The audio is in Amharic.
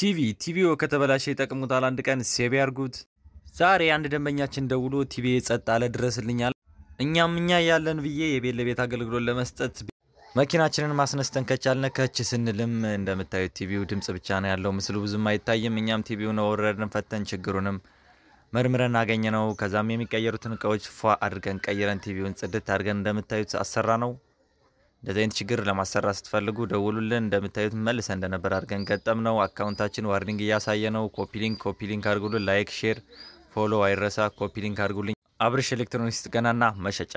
ቲቪ ቲቪው ከተበላሸ ይጠቅሙታል። አንድ ቀን ሴብ ያርጉት። ዛሬ አንድ ደንበኛችን ደውሎ ቲቪ ጸጥ አለ ድረስልኛል። እኛም እኛ ያለን ብዬ የቤት ለቤት አገልግሎት ለመስጠት መኪናችንን ማስነስተን ከቻልነ ከች ስንልም እንደምታዩት ቲቪው ድምጽ ብቻ ነው ያለው፣ ምስሉ ብዙም አይታይም። እኛም ቲቪውን ወረድን፣ ፈተን ችግሩንም መርምረን አገኘ ነው። ከዛም የሚቀየሩትን እቃዎች ፏ አድርገን ቀይረን ቲቪውን ጽድት አድርገን እንደምታዩት አሰራ ነው። እንደዚህ አይነት ችግር ለማሰራት ስትፈልጉ ደውሉልን። እንደምታዩት መልሰ እንደነበር አድርገን ገጠም ነው። አካውንታችን ዋርኒንግ እያሳየ ነው። ኮፒሊንክ ኮፒሊንክ አድርጉልን። ላይክ፣ ሼር፣ ፎሎ አይረሳ። ኮፒሊንክ አድርጉልኝ። አብርሽ ኤሌክትሮኒክስ ጥገናና መሸጫ